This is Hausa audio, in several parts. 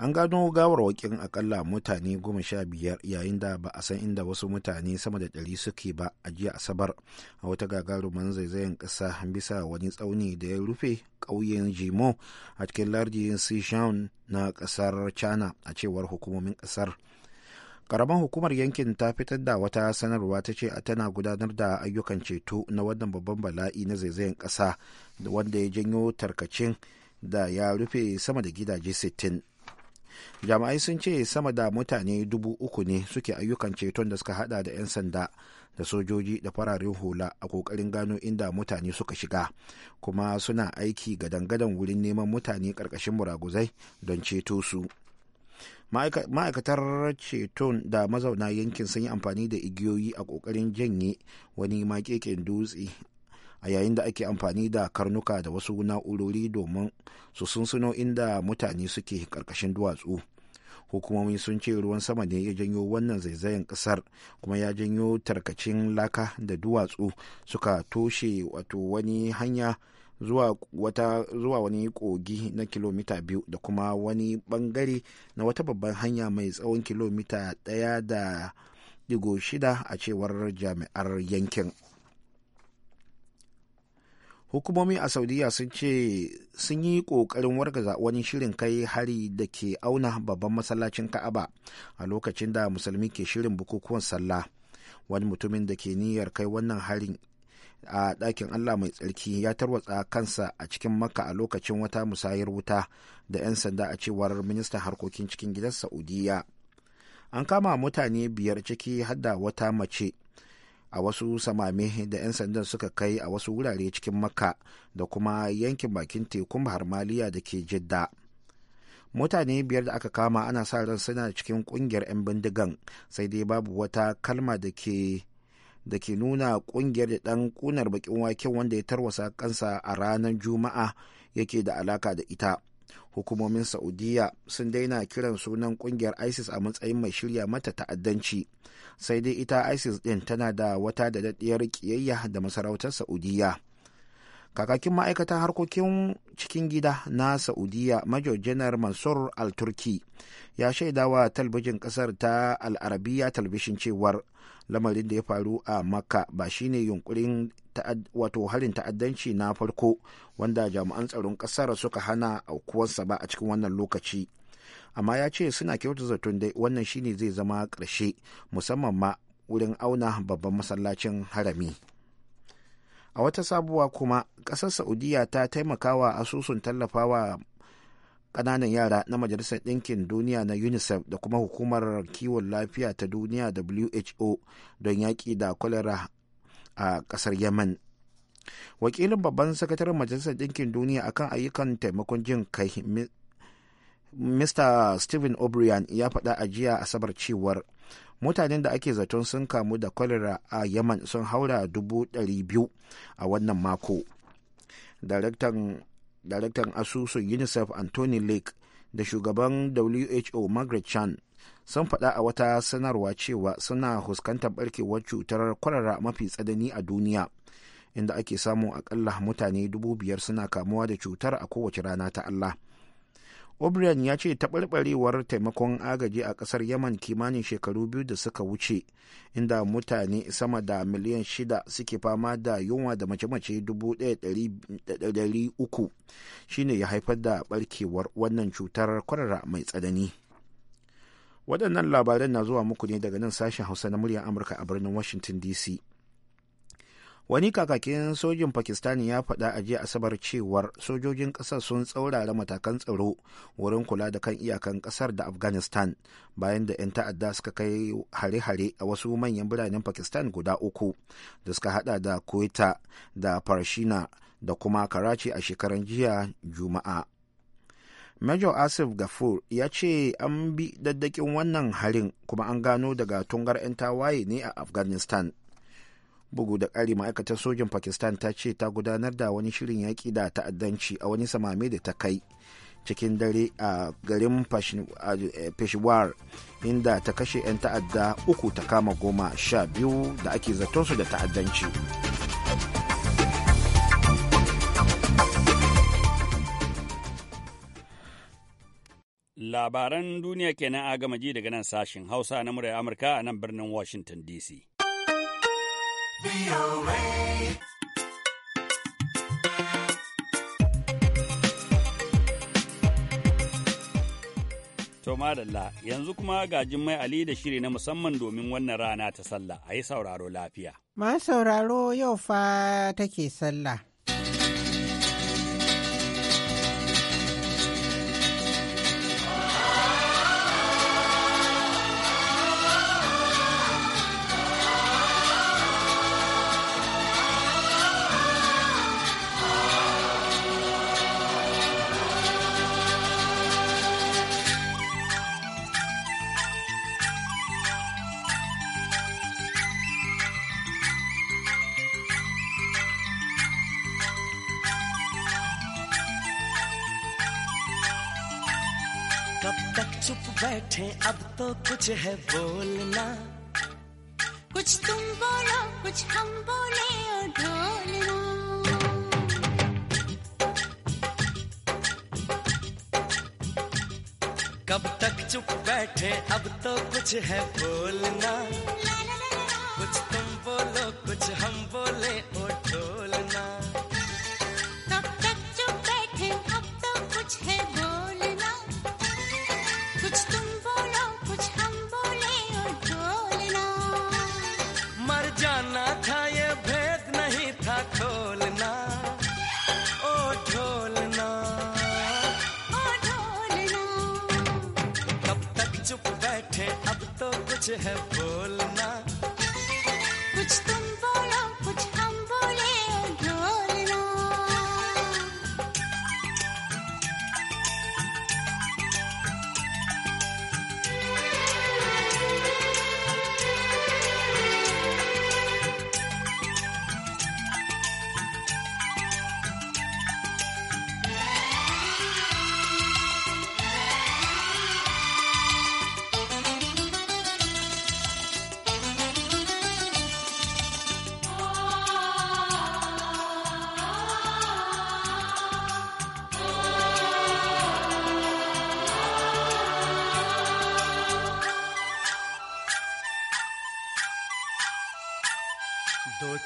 an gano gawarwakin akalla mutane goma sha biyar yayin da ba a san inda wasu mutane sama da ɗari suke ba a jiya asabar a wata gagarumin zaizayen ƙasa bisa wani tsauni da ya rufe ƙauyen jimo a cikin lardin sishan na ƙasar china a cewar hukumomin ƙasar karamar hukumar yankin ta fitar da wata sanarwa ta ce tana gudanar da ayyukan ceto na wannan babban bala'i na zaizayen ƙasa wanda ya janyo tarkacin da ya rufe sama da gidaje 60 jama'ai sun ce sama da mutane dubu uku ne suke ayyukan ceton da suka hada da 'yan sanda da sojoji da fararen hula a kokarin gano inda mutane suka shiga kuma suna aiki ga dangadan wurin neman mutane karkashin muraguzai don ceto su ma'aikatar ceton da mazauna yankin sun yi amfani da igiyoyi a kokarin janye wani makekin dutse a yayin da ake amfani da karnuka da wasu na'urori domin su sunsuno inda mutane suke karkashin duwatsu hukumomi sun ce ruwan sama ne ya janyo wannan zaizayen kasar kuma ya janyo tarkacin laka da duwatsu suka toshe wato wani hanya zuwa wata zuwa wani kogi na kilomita biyu da kuma wani bangare na wata babban hanya mai tsawon kilomita ɗaya da digo shida a cewar jami'ar yankin. hukumomi a saudiya sun ce sun yi ƙoƙarin wargaza wani shirin kai hari da ke auna babban masallacin ka'aba a lokacin da musulmi ke shirin bukukuwan sallah wani mutumin da ke niyyar kai wannan harin a dakin allah mai tsarki ya tarwatsa kansa a cikin makka a lokacin wata musayar wuta da 'yan sanda a cewar ministan harkokin cikin gidan saudiya an kama mutane biyar ciki hadda wata mace a wasu samami da 'yan sandan suka kai a wasu wurare cikin makka da kuma yankin bakin tekun bahar maliya da ke jidda mutane biyar da aka kama ana sa ran suna cikin kungiyar 'yan bindigan sai dai babu wata kalma da ke da ke nuna kungiyar da dan kunar bakin waken wanda ya tarwasa kansa a ranar juma'a yake da alaka da ita hukumomin saudiya sun daina kiran sunan kungiyar isis a matsayin mai shirya mata ta'addanci sai dai ita isis din tana da wata da daɗiyar kiyayya da masarautar saudiya kakakin ma'aikatan harkokin cikin gida na saudiya major janar mansur al-turki ya shaidawa wa talbijin kasar ta al'arabiya talbishin cewar lamarin da ya faru a makka ba shine yunkurin wato harin ta'addanci na farko wanda jami'an tsaron ƙasar suka hana aukuwarsa ba a cikin wannan lokaci amma ya ce suna kyauta zaton dai wannan shine zai zama ƙarshe musamman ma wurin auna babban masallacin harami a wata sabuwa kuma ƙasar saudiya ta taimakawa asusun tallafawa ƙananan yara na majalisar ɗinkin duniya na unicef da kuma hukumar kiwon lafiya ta duniya who don yaƙi da kwalera a ƙasar yemen wakilin babban sakataren majalisar ɗinkin duniya akan ayyukan taimakon jin kai mr stephen o'brien ya faɗa a jiya asabar cewar mutanen da ake zaton sun kamu da kwalera a yaman sun haura dubu ɗari biyu a wannan mako daraktan daraktan asusun unicef anthony lake da shugaban who margaret chan sun faɗa a wata sanarwa cewa suna fuskantar barkewar cutar kwarara mafi tsanani a duniya inda ake samun akalla mutane dubu biyar suna kamuwa da cutar a kowace rana ta allah O'Brien ya ce taɓarɓarewar taimakon agaji a ƙasar Yaman kimanin shekaru biyu da suka wuce, inda mutane sama da miliyan shida suke fama da yunwa da mace-mace dubu uku shine ya haifar da ɓarkewar wannan cutar kwarara mai tsanani. Waɗannan labaran na zuwa muku ne daga nan sashen Hausa na muryar Amurka a birnin Washington DC. wani kakakin sojin pakistan ya faɗa a jiya asabar cewar sojojin ƙasar sun tsaurara matakan tsaro wurin kula da kan iyakan ƙasar da afghanistan bayan da 'yan ta'adda suka kai hare-hare a wasu manyan biranen pakistan guda uku da suka hada da kuwaita da farshina da kuma karachi a shekaran jiya juma'a Major Asif Gafur ya ce an bi daddakin wannan harin kuma an gano daga tungar 'yan tawaye ne a Afghanistan. bugu da ƙari ma'aikatar sojin pakistan ta ce ta gudanar da wani shirin yaƙi da ta'addanci a wani samame da ta kai cikin dare a garin peshawar eh, inda ta kashe 'yan ta'adda uku ta kama goma sha biyu da ake zaton su da ta'addanci labaran duniya kenan a gama ji daga nan sashen hausa na muryar amurka a nan birnin washington dc To madalla yanzu kuma gajin mai Ali da shiri na musamman domin wannan rana ta sallah a yi sauraro lafiya. Ma sauraro yau fa take sallah. अब तो कुछ है बोलना कुछ तुम बोलो कुछ हम बोले और ढोलना कब तक चुप बैठे अब तो कुछ है बोलना have. Put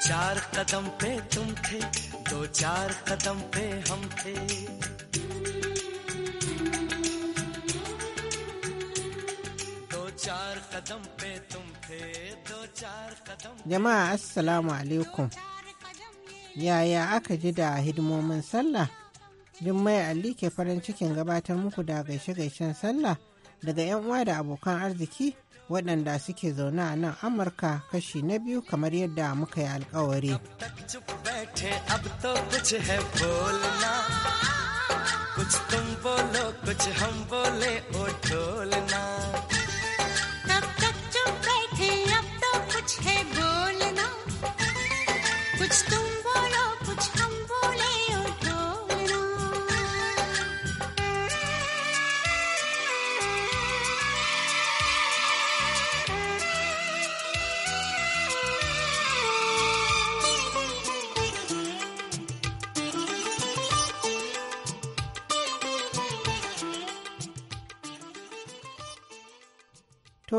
चार कदम पे तुम थे दो चार कदम पे हम थे दो चार कदम पे तुम थे दो चार कदम assalamu alaikum yaya aka ji da hidimomin sallah jummai ali ke farin cikin gabatar muku da gaishe-gaishen sallah daga 'yan uwa da abokan arziki waɗanda suke zaune a nan amurka kashi na biyu kamar yadda muka yi alkawari कुछ तुम बोलो कुछ हम बोले ओ ढोलना तब तक चुप बैठे अब तो कुछ है बोलना कुछ तुम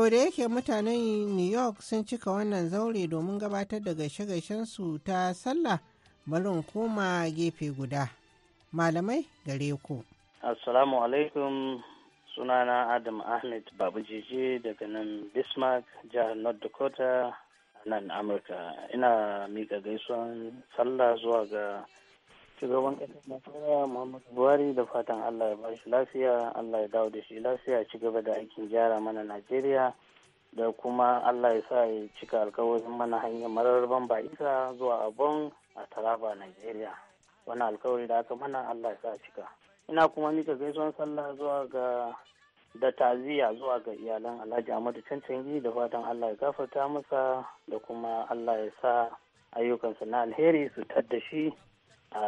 da yake mutanen New York sun cika wannan zaure domin gabatar da gaishe-gaishensu ta sallah barin koma gefe guda. Malamai gare ku. Assalamu alaikum sunana Adam Ahmed babu jiji daga nan Bismarck jihar North Dakota nan Amurka. Ina miƙa gaisuwan sallah zuwa ga shugaban ƙasar Najeriya Muhammadu Buhari da fatan Allah ya ba shi lafiya, Allah ya dawo da shi lafiya ci gaba da aikin gyara mana Najeriya da kuma Allah ya sa ya cika alkawarin mana hanyar mararban isa zuwa Abon a Taraba Najeriya. Wani alkawari da aka mana Allah ya sa cika. Ina kuma mika gaisuwan sallah zuwa ga da taziya zuwa ga iyalan Alhaji Ahmadu cancanji da fatan Allah ya gafarta masa da kuma Allah ya sa ayyukansa na alheri su tadda shi a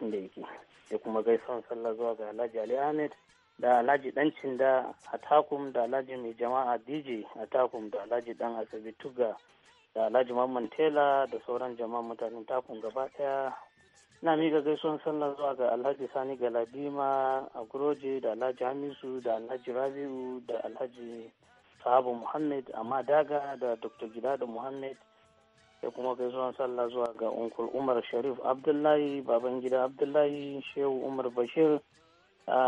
inda yake ya kuma son sallah zuwa ga alhaji ali ahmed da alhaji dancin da Takum da alhaji mai jama'a dj a Takum da alhaji dan asabi tuga da alhaji mamman tela da sauran Jama'a mutanen takun gaba daya na miƙa gaisuwan sallar zuwa ga alhaji sani galadima a guroje da alhaji hamisu da alhaji rabi'u da alhaji sahabu muhammad amma daga da dr gida da muhammad sai kuma gaisuwan sallah zuwa ga unkul umar sharif abdullahi baban gida abdullahi shehu umar bashir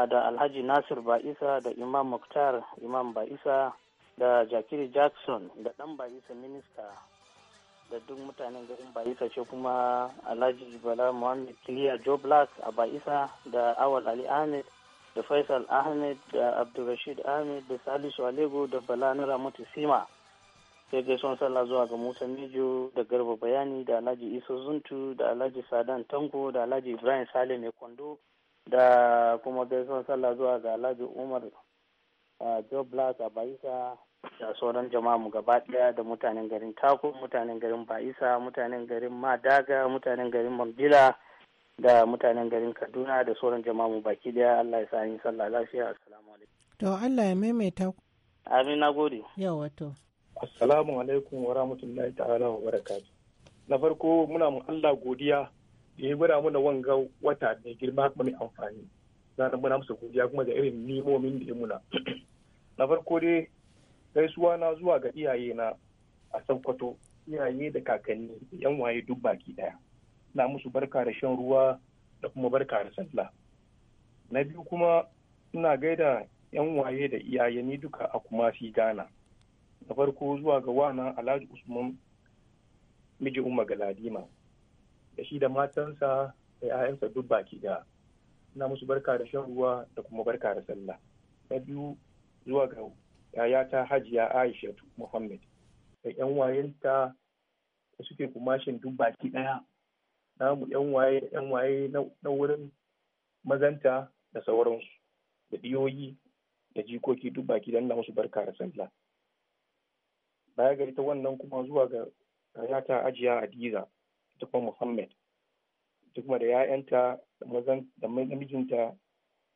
da alhaji nasir ba'isa da imam muktar imam ba'isa da jakiri jackson da dan ba'isa minista da duk mutanen garin ba'isa ce kuma alhaji bala muhammad kiliya joe black a ba'isa da awal ali ahmed da faisal ahmed da abdulrashid ahmed da salisu alego da bala nura sima sai gaisuwan sallah zuwa ga musa mijo da garba bayani da alhaji isa zuntu da alhaji sadan tanko da alhaji ibrahim sale mai kwando da kuma gaisuwan sallah zuwa ga alhaji umar job black a baisa da sauran jama'a mu gaba daya da mutanen garin tako mutanen garin baisa mutanen garin madaga mutanen garin mambila da mutanen garin kaduna da sauran jama'a mu baki daya allah ya sa yin sallah lafiya assalamu alaikum to allah ya maimaita Amin na gode. Yawa to. Assalamu alaikum wa rahmatullahi ta'ala wa barakatu. Na farko muna mu Allah godiya da ya gwada mana wanga wata da girma kuma mai amfani. ranar muna musu godiya kuma da irin nimomin da ya muna. Na farko dai gaisuwa na zuwa ga iyaye na a Sokoto, iyaye da kakanni, da yan waye duk baki daya. Na musu barka da shan ruwa da kuma barka da sallah. Na biyu kuma ina gaida yan waye da iyaye ni duka a kuma fi gana na farko zuwa ga wana alhaji usman miji ga galadima da shi da matansa da 'ya'yansa duk baki da na musu barka da shan ruwa da kuma barka da sallah na biyu zuwa ga ta hajiya aisha muhammad da yan wayenta da suke kumashin duk baki daya namu yan waye yan waye na wurin mazanta da sauransu da diyoyi da jikoki duk baki dan na musu barka da sallah baya ga ita wannan kuma zuwa ga ta ajiya Hadiza ta kuma muhammad ta kuma da 'ya'yanta da mazan da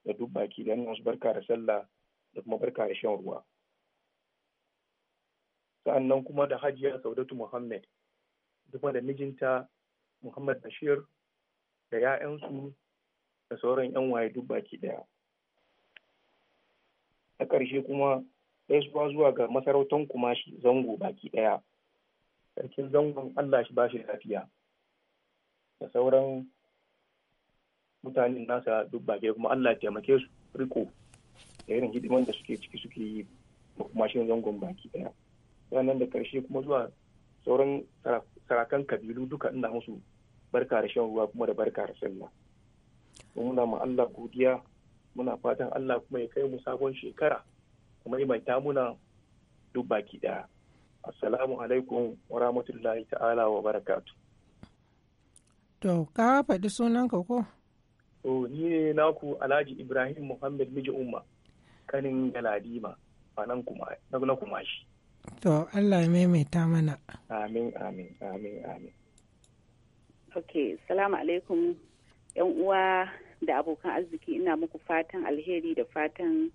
da duk baki da barka da sallah da kuma barka da shan ruwa sa'annan kuma da hajiya saudatu muhammad duk da mijinta muhammad bashir da 'ya'yansu da sauran 'yan waye duk baki daya a ƙarshe kuma gaisuwa zuwa ga masarautan kumashi zango baki ɗaya sarkin zangon allah shi bashi lafiya da sauran mutanen nasa duk baki kuma allah ya taimake su riko da irin hidiman da suke ciki suke yi da kumashin zangon baki ɗaya sannan da karshe kuma zuwa sauran sarakan kabilu duka ina musu barka da shan ruwa kuma da barka da sallah muna ma allah godiya muna fatan allah kuma ya kai mu sabon shekara maimaita muna duk baki daya assalamu alaikum wa rahmatullahi ta'ala wa barakatu to ka faɗi sunanka ko to ni ne naku alhaji ibrahim muhammad miji umma kanin galadima nan kuma na kuma shi to allah ya maimaita mana amin amin amin amin ok salamu alaikum yan uwa da abokan arziki ina muku fatan alheri da fatan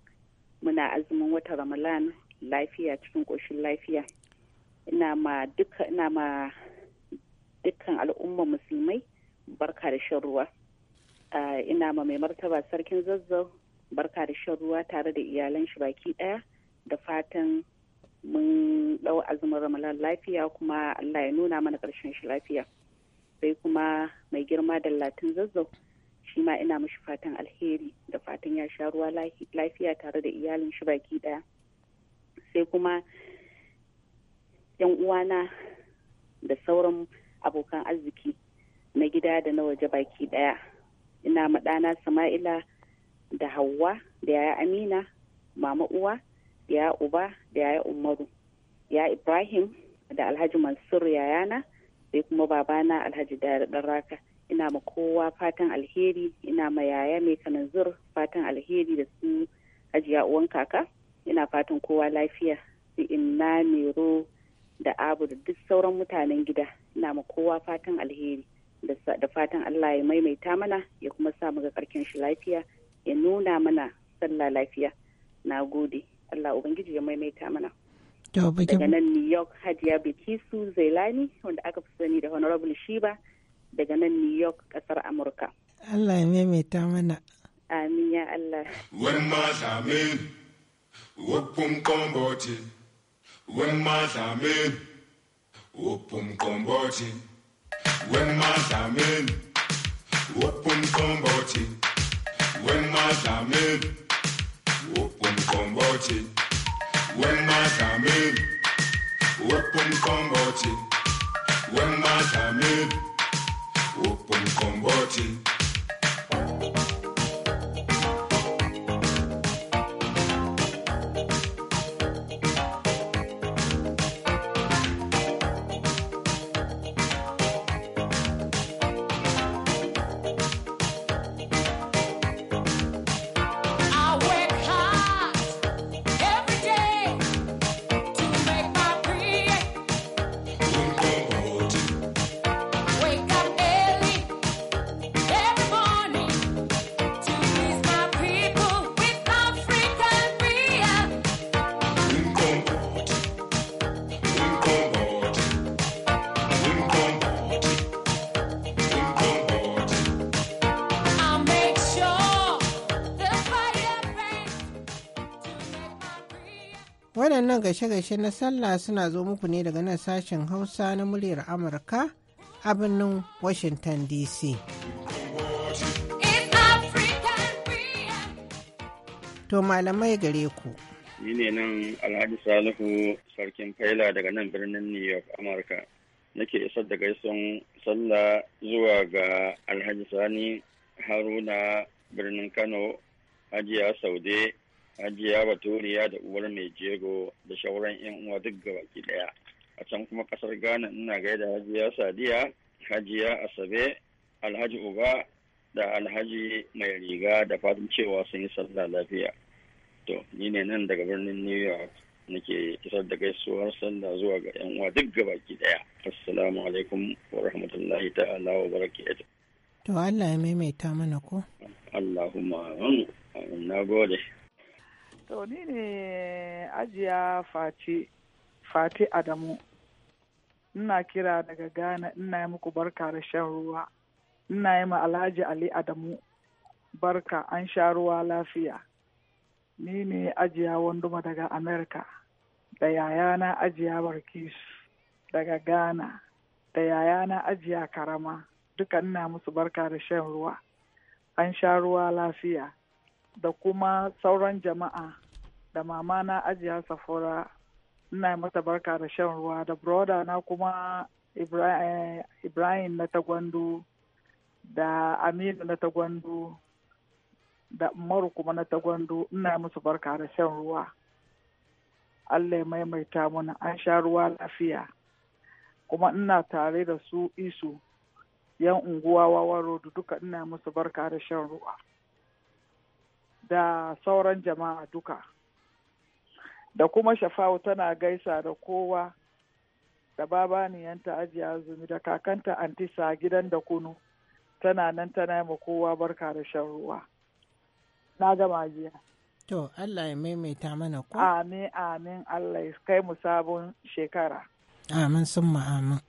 muna azumin wata ramalan lafiya cikin ƙoshin lafiya ina ma duka ina ma dukkan al'umma musulmai barka da shan ruwa ina ma mai martaba sarkin zazzau barka da shan ruwa tare da iyalan shi baki ɗaya da fatan mun dau azumin ramalan lafiya kuma allah ya nuna mana ƙarshen shi lafiya sai kuma mai girma da latin zazzau shi ma ina mishi fatan alheri da fatan ya sha ruwa lafiya tare da iyalin shi baki daya sai kuma yan uwana da sauran abokan arziki na gida da na waje baki daya ina maɗana sama'ila da hawa da yaya amina mama uwa da yaya uba da yaya umaru ya ibrahim da alhaji mansur yayana sai kuma babana alhaji da raka ina ma kowa fatan alheri ina ma yaya mai kananzur fatan alheri da su ajiya uwan kaka ina fatan kowa lafiya su inna nero da abu da duk sauran mutanen gida ina ma kowa fatan alheri da fatan allah ya maimaita mana ya kuma sa mu ga karkin shi lafiya ya nuna mana sallah lafiya na gode allah ubangiji ya maimaita mana daga nan new york hadiya bikisu zailani wanda aka fi sani da honorable shiba daga nan New York kasar Amurka. Allah ya maimaita mana. Amin ya Allah. When ma same wupum komboti when ma same wupum komboti when ma same wupum komboti when ma zame, wupum kombote. when ma same wupum komboti ma same Open converting. gaishe-gaishe na sallah suna zo muku ne daga nan sashen hausa na muryar amurka a birnin washington dc to malamai gare ku ni ne nan alhaji salihu sarkin faila daga nan birnin new york amurka nake isar da gaisun sallah zuwa ga alhaji sani haruna birnin kano hajiya saude hajiya baturiya da uwar mai jego da shauran yan uwa duk gabaki daya a can kuma kasar ghana ina gaida hajiya sadiya hajiya asabe alhaji uba da alhaji mai riga da fatan cewa sun yi sallah lafiya to ni ne nan daga birnin new york nake kisar da gaisuwar sallah zuwa ga yan uwa duk gabaki daya assalamu alaikum wa rahmatullahi ta'ala wa barakatuh to Allah ya maimaita mana ko Allahumma amin na gode To ni ne ajiya fati, fati Adamu. Ina kira daga Ghana ina yi muku barka da shan ruwa. Ina yi ma Alhaji Ali Adamu barka an sha ruwa lafiya. Ni ne ajiya wanduma daga Amerika. Da yayana ajiya Barkis daga Ghana. Da yayana ajiya Karama. Duka ina musu barka da shan ruwa. An sha ruwa lafiya. da kuma sauran jama'a da mama na ajiya safura ina mata barka da shan ruwa da broda na kuma ibrahim eh, na tagwando da aminu na tagwando da umaru kuma na tagwando ina musu barka da shan ruwa allah ya maimaita mana an sha ruwa lafiya kuma ina tare da su isu yan unguwa wawa rodu duka ina musu barka da shan ruwa da sauran jama'a duka da kuma shafa'u tana gaisa da kowa da babaniyanta ajiya azumi da kakanta antisa gidan da kunu tana nan tana ma kowa barka da shan ruwa na gama jiya to allah ya maimaita mana ko amin amin allah ya kai mu sabon shekara amin sun amin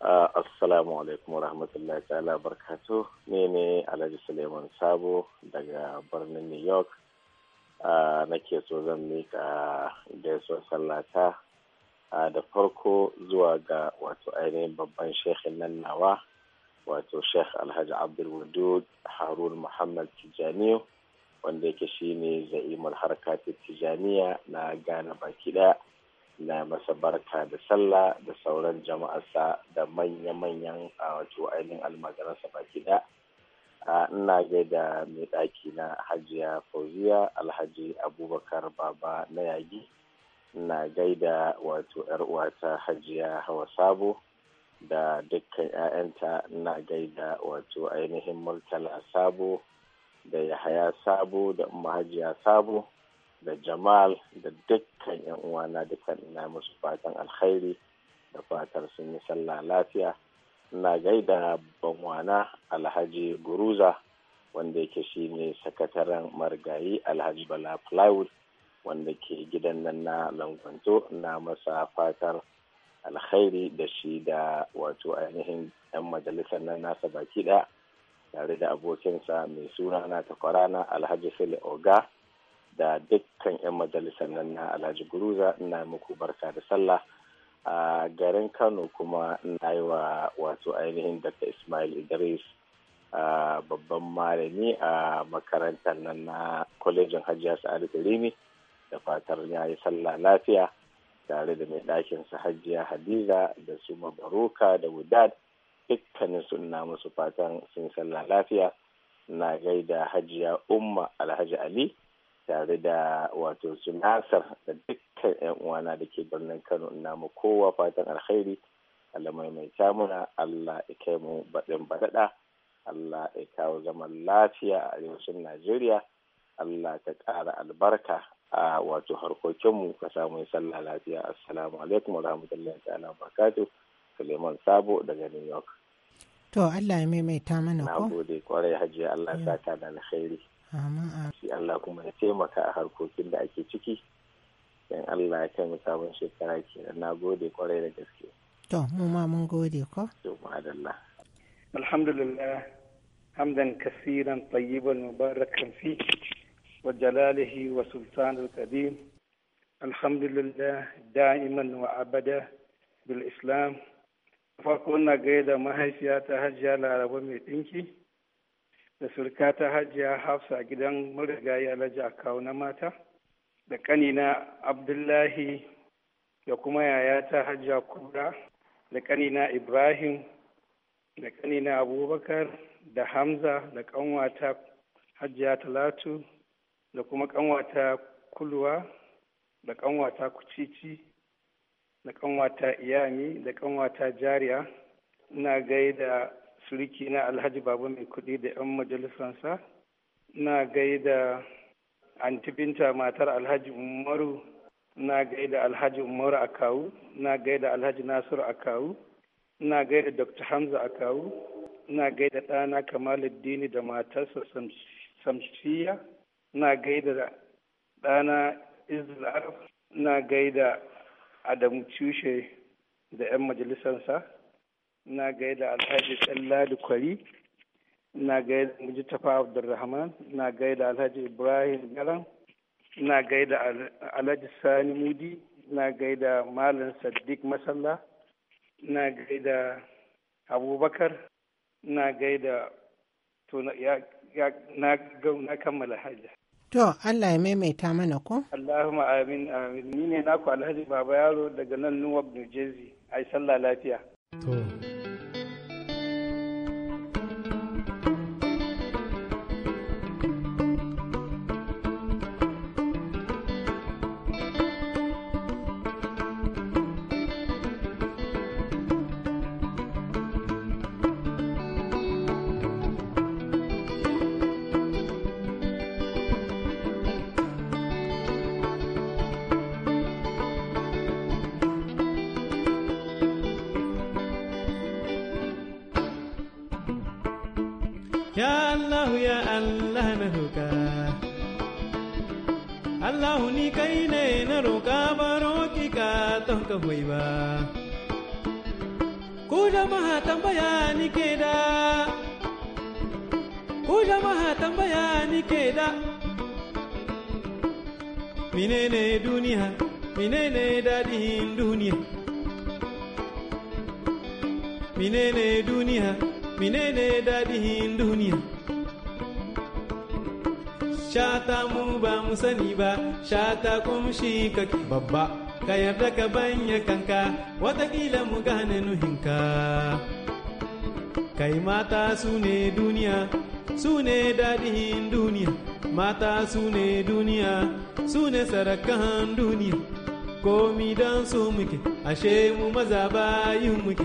Uh, assalamu alaikum rahmatullahi ta'ala barkatu ne ne alhaji suleiman sabo daga birnin new york uh, nake so zan mika gaisuwar sallata uh, da farko zuwa ga wato ainihin babban shekhin nan nawa wato shekh alhaji abdulwadud harun muhammad tijaniyu wanda yake shine za'imar harkatar tijaniya na ghana baki daya na masa barka da sallah da sauran jama'arsa da manya-manyan a wato ainihin almajiransa Gida. A ina gaida mai ɗaki na hajiya fauziya alhaji abubakar baba na yagi na gaida wato yar uwata hajiya hawa sabo da dukkan 'ya'yanta na gaida wato ainihin murtala sabo da yahaya sabo da umma hajiya sabo da Jamal da dukkan 'yan uwana dukkan ina musu fatan alkhairi da fatar sun yi sallah lafiya. Ina gaida banwana Alhaji Guruza wanda yake shi ne sakataren margayi Alhaji Bala Plywood wanda ke gidan nan na langwanto na masa fatar alkhairi da shi da wato ainihin 'yan majalisar nan nasa baki ɗaya tare da abokinsa mai suna na takwarana alhaji fili oga da dukkan 'yan majalisar nan na alhaji guruza ina muku barka da sallah a garin kano kuma ina yi wa wato ainihin daga ismail idris babban malami a makarantar nan na kwalejin hajiya sa'adu rimi da fatar ya yi sallah lafiya tare da mai ɗakin su hajiya hadiza da su mabaruka da wudad dukkanin ina musu fatan sun sallah lafiya na gaida hajiya umma alhaji ali tare da wato su da dukkan yan uwana da ke birnin kano ina mu kowa fatan alkhairi allah maimaita muna allah ya kai mu baɗin baɗaɗa allah ya kawo zaman lafiya a arewacin najeriya allah ta ƙara albarka a wato harkokinmu ka samu sallah lafiya assalamu alaikum wa rahmatullahi ta'ala barakatuh suleiman sabo daga new york to allah ya maimaita mana ko na gode kwarai hajiya allah ya saka da alkhairi Shi Allah kuma ya taimaka a harkokin da ake ciki. Dan Allah ya kai sabon shekara kenan. Na gode kwarai da gaske. To, mu ma mun gode ko? To, ma'adallah. Alhamdulillah. Hamdan kasiran tayyiban mubarakan fi wa jalalihi wa sultanul qadim. Alhamdulillah da'iman wa abada bil Islam. Farko na gaida mahaifiya ta hajjiya laraba mai ɗinki. da surka ta hajiya hafsa a gidan marigayi alhaji akawu na mata da kanina abdullahi da kuma yaya ta hajiya kubra da kanina ibrahim da kanina abubakar da hamza da kanwata hajiya talatu da kuma kanwata kulwa da kanwata kucici da kanwata iyami da kanwata jariya ina gaida suriki na alhaji babu mai kudi da 'yan majalisansa na gaida anti binta matar alhaji umaru na gaida alhaji umaru akawu na gaida alhaji nasiru akawu na gaida dr hamza akawu na gaida ɗana kamaluddini da matarsa samsiya na gaida ɗana izra na gaida adamu cushe da 'yan majalisarsa na gaida alhaji tsallali kwari na gaida mujtafa abdulrahman na gaida alhaji ibrahim garan na gaida alhaji sani mudi na gaida malam sadiq masalla na gaida abubakar na gaida to na kammala hajji To Allah ya maimaita mana ko? Allahumma amin amin. Ni ne naku Alhaji Baba Yaro daga nan Newark, New Jersey. Ai sallah lafiya. To. Ya Allah ya Allah na roka Allah ni kai ne na roka baro ki ka ton ka hoyi ba ni ke da Ku jama'a ni ke da duniya dadin duniya duniya menene daɗin duniya shata mu ba mu sani ba shata kumshi kake babba ka yarda ka banya kanka watakila mu gane nuhinka kai mata su ne duniya su ne daɗin duniya mata su ne duniya su ne sarakan duniya komi don su muke ashe mu maza yi muke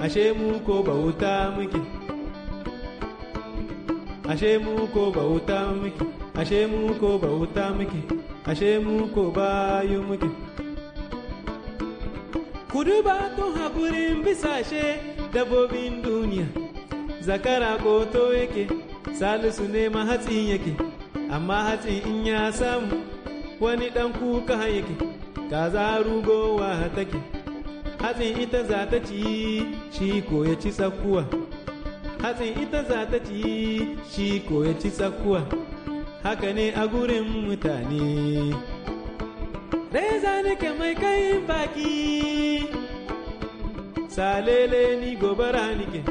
ashe mu ko bauta muke ashe mu ko bauta muke ashe mu ko bauta muke ashe mu ko bayu muke kudu ba to haƙurin bisashe dabobin duniya zakara ko to yake salisu ne ma hatsi yake amma hatsi in ya samu wani ɗan kuka yake kaza rugowa take hatsin ita za ta ci shi ko ya ci sakuwa hatsin ita za ta ci shi ko ya ci sakuwa haka ne a gurin mutane reza nake mai kayin baki salele ni gobara nike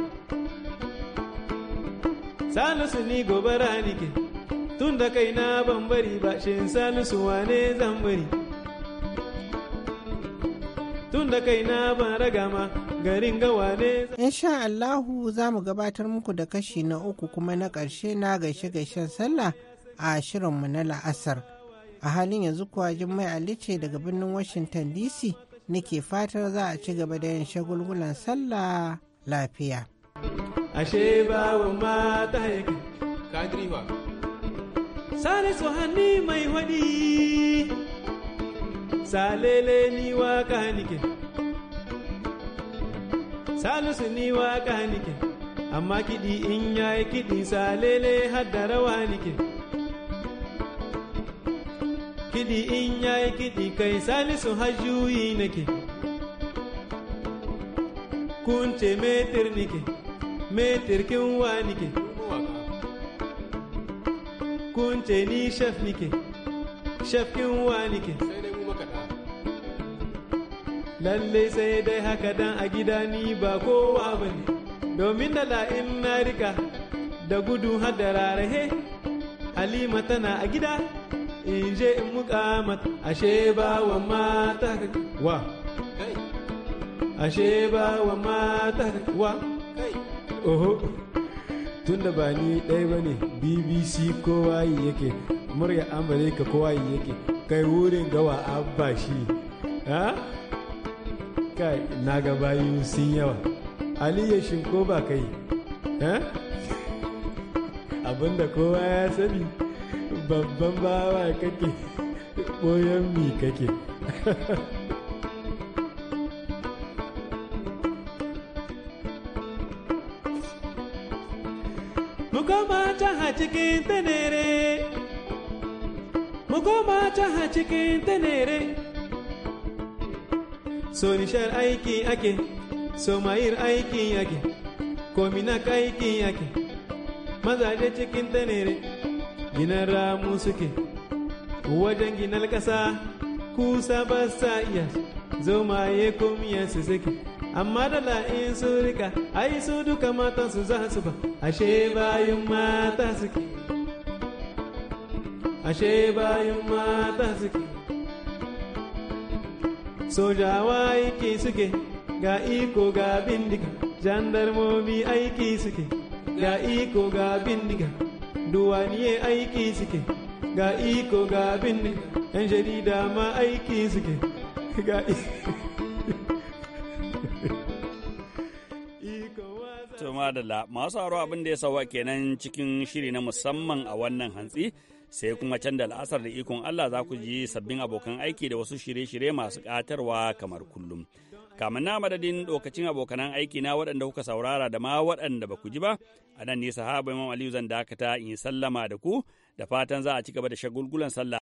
salisu ni gobara nike tun da kaina na bari ba shin salisu wane zan bari da kai kaina ba gama garin gawa ne insha Allahu za mu gabatar muku da kashi na uku kuma na ƙarshe na gaishe gaishen sallah a mu na la'asar a halin yanzu kuwa Jummai Ali ce daga birnin Washington DC nake fatar za a ci gaba da yin shagulgulan sallah lafiya ashe bawo ma ta haika salisu hanni mai waɗi salele ni waka nike salisu ni waka nike amma kiɗi in yayi kiɗi salele hadda ni nike kiɗi in yayi kiɗi kai salisu hajjuyi nake kunce metir nike metir kin wa nike kunce ni shaf nike shaf kin wa nike lalle sai dai haka dan a gida ni ba kowa ba ne domin da la'in na rika da gudu har da rarahe halima tana a gida in je in mukamat ashe ba wa mata wa ashe ba wa mata wa oho tun da ba ni ɗaya ba ne bbc kowa yi yake murya amurka kowa yi yake kai wurin gawa abba shi ha? Ah? kai na ga bayu sun yawa aliyu shinko ba kai abinda kowa ya sani babban bawa kake ɓoyon mi kake Mukoma ta cikin tenere, mukoma ta cikin tenere. so nishar aiki ake so mayir aiki ake kominak aiki ake mazaje cikin tanere ginan ramu suke wajen ginar kasa kusa ba sa iya zo maye su suke amma da la'in su rika ai su duka su za su ba ashe bayan mata suke ashe bayan mata suke sojawa aiki suke ga iko ga bindiga jandarmomi aiki suke ga iko ga bindiga duwaniye aiki suke ga iko ga bindiga yan jarida ma aiki suke ga To madalla masu haro abin da ya sawa kenan cikin shiri na musamman a wannan hantsi sai kuma can da la'asar da ikon Allah za ku ji sabbin abokan aiki da wasu shirye-shirye masu ƙatarwa kamar kullum. Kamar na madadin lokacin abokanan aiki na waɗanda kuka saurara da ma waɗanda ba ku ji ba, a nan ne sahaba Imam Aliyu zan dakata in sallama da ku da fatan za a ci gaba da shagulgulan sallah.